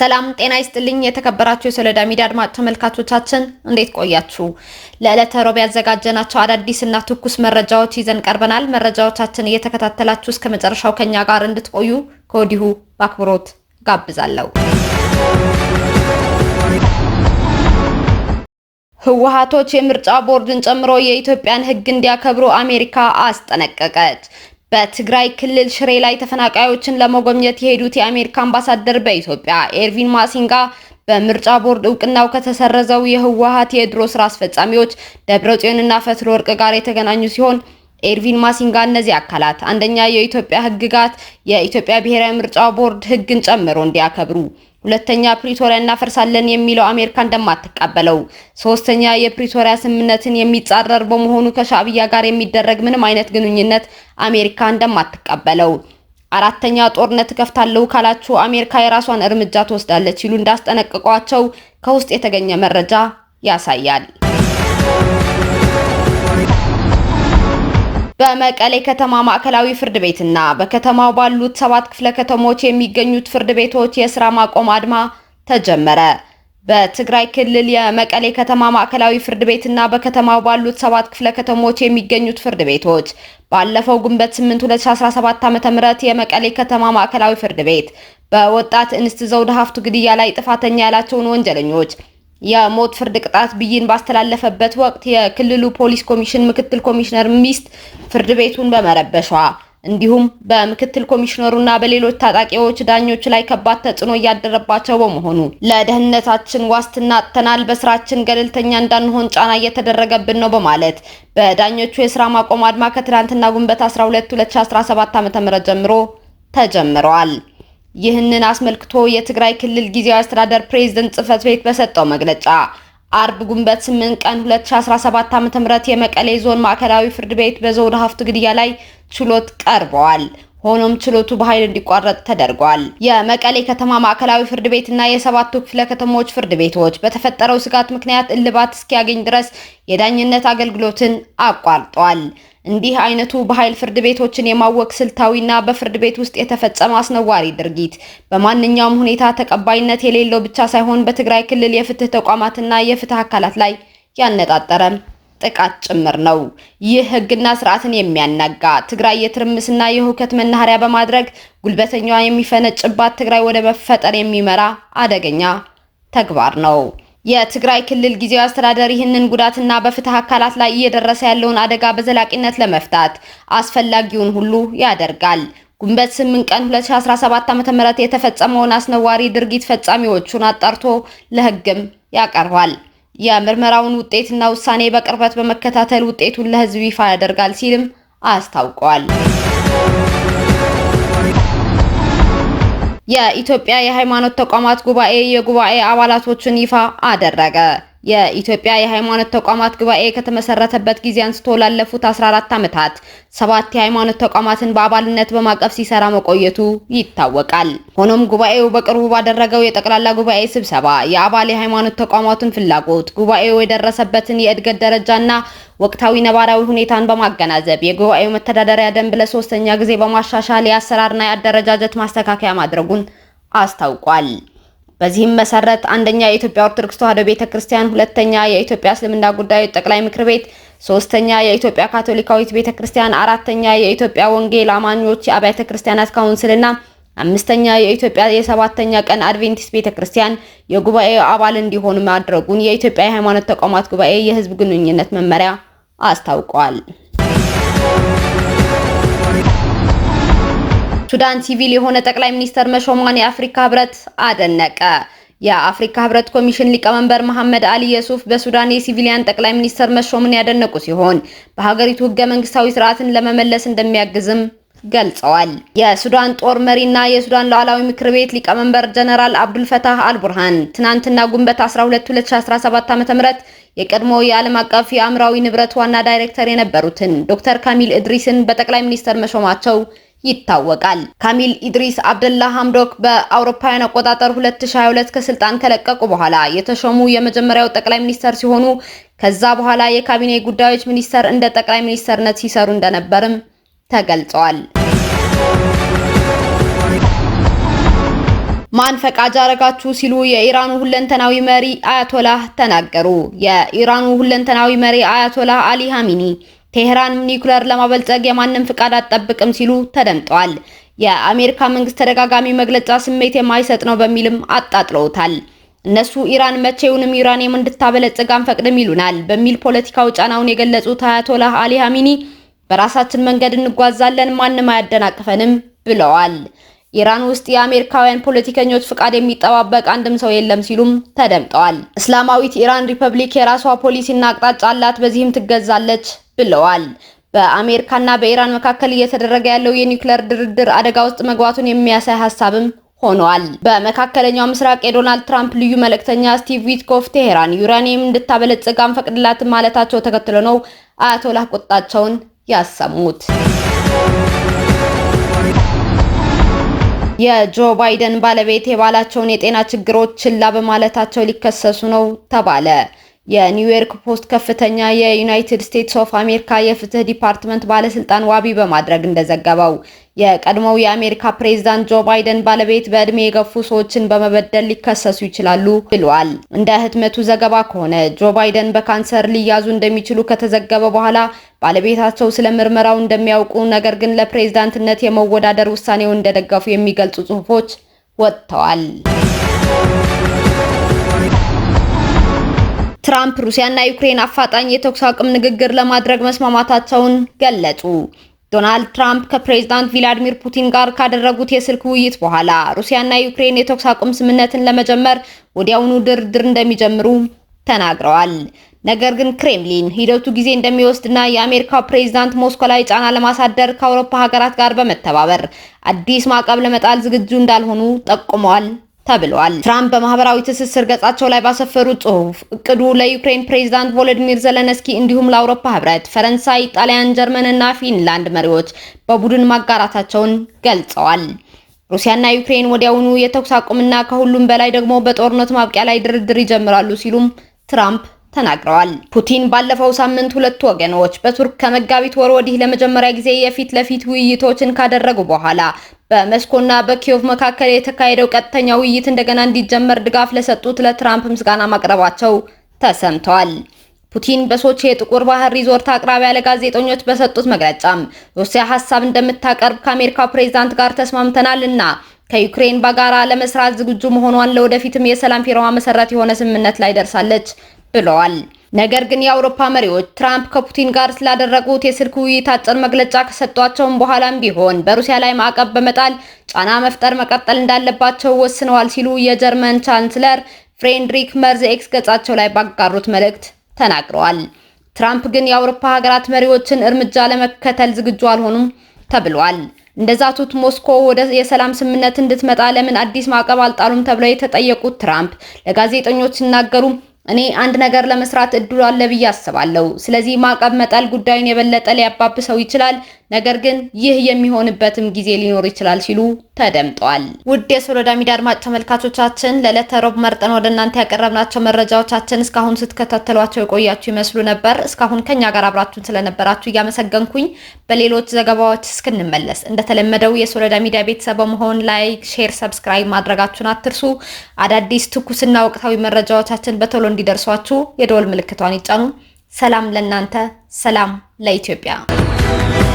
ሰላም ጤና ይስጥልኝ። የተከበራችሁ የሶሎዳ ሚዲያ አድማጭ ተመልካቾቻችን እንዴት ቆያችሁ? ለዕለተ ሮብ ያዘጋጀናቸው አዳዲስ እና ትኩስ መረጃዎች ይዘን ቀርበናል። መረጃዎቻችን እየተከታተላችሁ እስከ መጨረሻው ከኛ ጋር እንድትቆዩ ከወዲሁ በአክብሮት ጋብዛለሁ። ህወሓቶች የምርጫ ቦርድን ጨምሮ የኢትዮጵያን ህግ እንዲያከብሩ አሜሪካ አስጠነቀቀች። በትግራይ ክልል ሽሬ ላይ ተፈናቃዮችን ለመጎብኘት የሄዱት የአሜሪካ አምባሳደር በኢትዮጵያ ኤርቪን ማሲንጋ በምርጫ ቦርድ እውቅናው ከተሰረዘው የህወሀት የድሮ ስራ አስፈጻሚዎች ደብረጽዮንና ፈትሎ ወርቅ ጋር የተገናኙ ሲሆን ኤርቪን ማሲንጋ እነዚህ አካላት አንደኛ የኢትዮጵያ ህግጋት የኢትዮጵያ ብሔራዊ ምርጫ ቦርድ ህግን ጨምሮ እንዲያከብሩ ሁለተኛ ፕሪቶሪያ እናፈርሳለን የሚለው አሜሪካ እንደማትቀበለው፣ ሶስተኛ የፕሪቶሪያ ስምምነትን የሚጻረር በመሆኑ ከሻዕቢያ ጋር የሚደረግ ምንም አይነት ግንኙነት አሜሪካ እንደማትቀበለው፣ አራተኛ ጦርነት እከፍታለሁ ካላችሁ አሜሪካ የራሷን እርምጃ ትወስዳለች ሲሉ እንዳስጠነቀቋቸው ከውስጥ የተገኘ መረጃ ያሳያል። በመቀሌ ከተማ ማዕከላዊ ፍርድ ቤትና በከተማው ባሉት ሰባት ክፍለ ከተሞች የሚገኙት ፍርድ ቤቶች የስራ ማቆም አድማ ተጀመረ። በትግራይ ክልል የመቀሌ ከተማ ማዕከላዊ ፍርድ ቤትና በከተማው ባሉት ሰባት ክፍለ ከተሞች የሚገኙት ፍርድ ቤቶች ባለፈው ግንቦት 8 2017 ዓ.ም የመቀሌ ከተማ ማዕከላዊ ፍርድ ቤት በወጣት እንስት ዘውድ ሀፍቱ ግድያ ላይ ጥፋተኛ ያላቸውን ወንጀለኞች የሞት ፍርድ ቅጣት ብይን ባስተላለፈበት ወቅት የክልሉ ፖሊስ ኮሚሽን ምክትል ኮሚሽነር ሚስት ፍርድ ቤቱን በመረበሿ እንዲሁም በምክትል ኮሚሽነሩና በሌሎች ታጣቂዎች ዳኞች ላይ ከባድ ተጽዕኖ እያደረባቸው በመሆኑ ለደህንነታችን ዋስትና አጥተናል፣ በስራችን ገለልተኛ እንዳንሆን ጫና እየተደረገብን ነው በማለት በዳኞቹ የስራ ማቆም አድማ ከትናንትና ጉንበት 12 2017 ዓ.ም ጀምሮ ተጀምረዋል። ይህንን አስመልክቶ የትግራይ ክልል ጊዜያዊ አስተዳደር ፕሬዝደንት ጽህፈት ቤት በሰጠው መግለጫ አርብ ግንቦት 8 ቀን 2017 ዓ.ም የመቀሌ ዞን ማዕከላዊ ፍርድ ቤት በዘውድ ሀፍቱ ግድያ ላይ ችሎት ቀርበዋል። ሆኖም ችሎቱ በኃይል እንዲቋረጥ ተደርጓል። የመቀሌ ከተማ ማዕከላዊ ፍርድ ቤት እና የሰባቱ ክፍለ ከተሞች ፍርድ ቤቶች በተፈጠረው ስጋት ምክንያት እልባት እስኪያገኝ ድረስ የዳኝነት አገልግሎትን አቋርጧል። እንዲህ አይነቱ በኃይል ፍርድ ቤቶችን የማወቅ ስልታዊና በፍርድ ቤት ውስጥ የተፈጸመ አስነዋሪ ድርጊት በማንኛውም ሁኔታ ተቀባይነት የሌለው ብቻ ሳይሆን በትግራይ ክልል የፍትህ ተቋማትና የፍትህ አካላት ላይ ያነጣጠረ ጥቃት ጭምር ነው። ይህ ህግና ስርዓትን የሚያናጋ ትግራይ የትርምስና የሁከት መናኸሪያ በማድረግ ጉልበተኛዋ የሚፈነጭባት ትግራይ ወደ መፈጠር የሚመራ አደገኛ ተግባር ነው። የትግራይ ክልል ጊዜያዊ አስተዳደር ይህንን ጉዳትና በፍትህ አካላት ላይ እየደረሰ ያለውን አደጋ በዘላቂነት ለመፍታት አስፈላጊውን ሁሉ ያደርጋል። ግንቦት 8 ቀን 2017 ዓ.ም የተፈጸመውን አስነዋሪ ድርጊት ፈጻሚዎቹን አጣርቶ ለህግም ያቀርባል። የምርመራውን ውጤትና ውሳኔ በቅርበት በመከታተል ውጤቱን ለህዝብ ይፋ ያደርጋል ሲልም አስታውቋል። የኢትዮጵያ የሃይማኖት ተቋማት ጉባኤ የጉባኤ አባላቶችን ይፋ አደረገ። የኢትዮጵያ የሃይማኖት ተቋማት ጉባኤ ከተመሰረተበት ጊዜ አንስቶ ላለፉት 14 ዓመታት ሰባት የሃይማኖት ተቋማትን በአባልነት በማቀፍ ሲሰራ መቆየቱ ይታወቃል። ሆኖም ጉባኤው በቅርቡ ባደረገው የጠቅላላ ጉባኤ ስብሰባ የአባል የሃይማኖት ተቋማቱን ፍላጎት፣ ጉባኤው የደረሰበትን የእድገት ደረጃና ወቅታዊ ነባራዊ ሁኔታን በማገናዘብ የጉባኤው መተዳደሪያ ደንብ ለሶስተኛ ጊዜ በማሻሻል የአሰራርና የአደረጃጀት ማስተካከያ ማድረጉን አስታውቋል። በዚህም መሰረት አንደኛ የኢትዮጵያ ኦርቶዶክስ ተዋሕዶ ቤተ ክርስቲያን፣ ሁለተኛ የኢትዮጵያ እስልምና ጉዳዮች ጠቅላይ ምክር ቤት፣ ሶስተኛ የኢትዮጵያ ካቶሊካዊት ቤተ ክርስቲያን፣ አራተኛ የኢትዮጵያ ወንጌል አማኞች የአብያተ ክርስቲያናት ካውንስልና አምስተኛ የኢትዮጵያ የሰባተኛ ቀን አድቬንቲስት ቤተ ክርስቲያን የጉባኤው አባል እንዲሆኑ ማድረጉን የኢትዮጵያ የሃይማኖት ተቋማት ጉባኤ የህዝብ ግንኙነት መመሪያ አስታውቋል። ሱዳን ሲቪል የሆነ ጠቅላይ ሚኒስተር መሾሟን የአፍሪካ ህብረት አደነቀ። የአፍሪካ ህብረት ኮሚሽን ሊቀመንበር መሐመድ አሊ የሱፍ በሱዳን የሲቪሊያን ጠቅላይ ሚኒስተር መሾምን ያደነቁ ሲሆን በሀገሪቱ ህገ መንግስታዊ ስርዓትን ለመመለስ እንደሚያግዝም ገልጸዋል። የሱዳን ጦር መሪና የሱዳን ሉዓላዊ ምክር ቤት ሊቀመንበር ጀነራል አብዱልፈታህ አልቡርሃን ትናንትና ጉንበት 12 2017 ዓ.ም የቀድሞ የዓለም አቀፍ የአእምሯዊ ንብረት ዋና ዳይሬክተር የነበሩትን ዶክተር ካሚል እድሪስን በጠቅላይ ሚኒስተር መሾማቸው ይታወቃል። ካሚል ኢድሪስ አብደላ ሐምዶክ በአውሮፓውያን አቆጣጠር 2022 ከስልጣን ከለቀቁ በኋላ የተሾሙ የመጀመሪያው ጠቅላይ ሚኒስተር ሲሆኑ ከዛ በኋላ የካቢኔ ጉዳዮች ሚኒስተር እንደ ጠቅላይ ሚኒስተርነት ሲሰሩ እንደነበርም ተገልጸዋል። ማን ፈቃጅ አረጋችሁ ሲሉ የኢራኑ ሁለንተናዊ መሪ አያቶላህ ተናገሩ። የኢራኑ ሁለንተናዊ መሪ አያቶላህ አሊ ሀሚኒ ቴህራን ኒውክለር ለማበልጸግ የማንም ፍቃድ አትጠብቅም ሲሉ ተደምጠዋል። የአሜሪካ መንግስት ተደጋጋሚ መግለጫ ስሜት የማይሰጥ ነው በሚልም አጣጥለውታል። እነሱ ኢራን መቼውንም ዩራኒየም እንድታበለጽግ አንፈቅድም ይሉናል በሚል ፖለቲካው ጫናውን የገለጹት አያቶላህ አሊ ሀሚኒ በራሳችን መንገድ እንጓዛለን፣ ማንም አያደናቅፈንም ብለዋል። ኢራን ውስጥ የአሜሪካውያን ፖለቲከኞች ፍቃድ የሚጠባበቅ አንድም ሰው የለም ሲሉም ተደምጠዋል። እስላማዊት ኢራን ሪፐብሊክ የራሷ ፖሊሲና አቅጣጫ አላት፣ በዚህም ትገዛለች ብለዋል። በአሜሪካና በኢራን መካከል እየተደረገ ያለው የኒውክሌር ድርድር አደጋ ውስጥ መግባቱን የሚያሳይ ሀሳብም ሆኗል። በመካከለኛው ምስራቅ የዶናልድ ትራምፕ ልዩ መልእክተኛ ስቲቭ ዊትኮፍ ቴሄራን ዩራኒየም እንድታበለጽግ አንፈቅድላትም ማለታቸው ተከትሎ ነው አያቶላህ ቁጣቸውን ያሰሙት። የጆ ባይደን ባለቤት የባላቸውን የጤና ችግሮች ችላ በማለታቸው ሊከሰሱ ነው ተባለ። የኒውዮርክ ፖስት ከፍተኛ የዩናይትድ ስቴትስ ኦፍ አሜሪካ የፍትህ ዲፓርትመንት ባለስልጣን ዋቢ በማድረግ እንደዘገበው የቀድሞው የአሜሪካ ፕሬዝዳንት ጆ ባይደን ባለቤት በእድሜ የገፉ ሰዎችን በመበደል ሊከሰሱ ይችላሉ ብሏል። እንደ ህትመቱ ዘገባ ከሆነ ጆ ባይደን በካንሰር ሊያዙ እንደሚችሉ ከተዘገበ በኋላ ባለቤታቸው ስለ ምርመራው እንደሚያውቁ፣ ነገር ግን ለፕሬዝዳንትነት የመወዳደር ውሳኔውን እንደደገፉ የሚገልጹ ጽሑፎች ወጥተዋል። ትራምፕ ሩሲያና ዩክሬን አፋጣኝ የተኩስ አቁም ንግግር ለማድረግ መስማማታቸውን ገለጹ። ዶናልድ ትራምፕ ከፕሬዝዳንት ቪላዲሚር ፑቲን ጋር ካደረጉት የስልክ ውይይት በኋላ ሩሲያና ዩክሬን የተኩስ አቁም ስምምነትን ለመጀመር ወዲያውኑ ድርድር እንደሚጀምሩ ተናግረዋል። ነገር ግን ክሬምሊን ሂደቱ ጊዜ እንደሚወስድና የአሜሪካው ፕሬዝዳንት ሞስኮ ላይ ጫና ለማሳደር ከአውሮፓ ሀገራት ጋር በመተባበር አዲስ ማዕቀብ ለመጣል ዝግጁ እንዳልሆኑ ጠቁመዋል ተብሏል። ትራምፕ በማህበራዊ ትስስር ገጻቸው ላይ ባሰፈሩት ጽሁፍ እቅዱ ለዩክሬን ፕሬዝዳንት ቮሎዲሚር ዘለንስኪ እንዲሁም ለአውሮፓ ህብረት፣ ፈረንሳይ፣ ጣሊያን፣ ጀርመን እና ፊንላንድ መሪዎች በቡድን ማጋራታቸውን ገልጸዋል። ሩሲያና ዩክሬን ወዲያውኑ የተኩስ አቁምና ከሁሉም በላይ ደግሞ በጦርነት ማብቂያ ላይ ድርድር ይጀምራሉ ሲሉም ትራምፕ ተናግረዋል። ፑቲን ባለፈው ሳምንት ሁለት ወገኖች በቱርክ ከመጋቢት ወር ወዲህ ለመጀመሪያ ጊዜ የፊት ለፊት ውይይቶችን ካደረጉ በኋላ በሞስኮና በኪዮቭ መካከል የተካሄደው ቀጥተኛ ውይይት እንደገና እንዲጀመር ድጋፍ ለሰጡት ለትራምፕ ምስጋና ማቅረባቸው ተሰምተዋል። ፑቲን በሶቺ የጥቁር ባህር ሪዞርት አቅራቢያ ለጋዜጠኞች በሰጡት መግለጫም ሩሲያ ሀሳብ እንደምታቀርብ ከአሜሪካው ፕሬዚዳንት ጋር ተስማምተናል እና ከዩክሬን በጋራ ለመስራት ዝግጁ መሆኗን ለወደፊትም የሰላም ፊርማ መሰረት የሆነ ስምምነት ላይ ደርሳለች ብለዋል። ነገር ግን የአውሮፓ መሪዎች ትራምፕ ከፑቲን ጋር ስላደረጉት የስልክ ውይይት አጭር መግለጫ ከሰጧቸውም በኋላም ቢሆን በሩሲያ ላይ ማዕቀብ በመጣል ጫና መፍጠር መቀጠል እንዳለባቸው ወስነዋል ሲሉ የጀርመን ቻንስለር ፍሬድሪክ መርዝ ኤክስ ገጻቸው ላይ ባጋሩት መልእክት ተናግረዋል። ትራምፕ ግን የአውሮፓ ሀገራት መሪዎችን እርምጃ ለመከተል ዝግጁ አልሆኑም ተብሏል። እንደዛቱት ሞስኮ ወደ የሰላም ስምምነት እንድትመጣ ለምን አዲስ ማዕቀብ አልጣሉም ተብለው የተጠየቁት ትራምፕ ለጋዜጠኞች ሲናገሩ እኔ አንድ ነገር ለመስራት እድሉ አለ ብዬ አስባለሁ። ስለዚህ ማዕቀብ መጣል ጉዳዩን የበለጠ ሊያባብሰው ይችላል፣ ነገር ግን ይህ የሚሆንበትም ጊዜ ሊኖር ይችላል ሲሉ ተደምጧል። ውድ የሶሎዳ ሚዲያ አድማጭ ተመልካቾቻችን ለዕለተ ሮብ መርጠን ወደ እናንተ ያቀረብናቸው መረጃዎቻችን እስካሁን ስትከታተሏቸው የቆያችሁ ይመስሉ ነበር። እስካሁን ከኛ ጋር አብራችሁን ስለነበራችሁ እያመሰገንኩኝ በሌሎች ዘገባዎች እስክንመለስ እንደተለመደው የሶሎዳ ሚዲያ ቤተሰብ በመሆን ላይክ፣ ሼር፣ ሰብስክራይብ ማድረጋችሁን አትርሱ። አዳዲስ ትኩስና ወቅታዊ መረጃዎቻችን በቶሎ እንዲደርሷችሁ የደወል ምልክቷን ይጫኑ። ሰላም ለእናንተ፣ ሰላም ለኢትዮጵያ።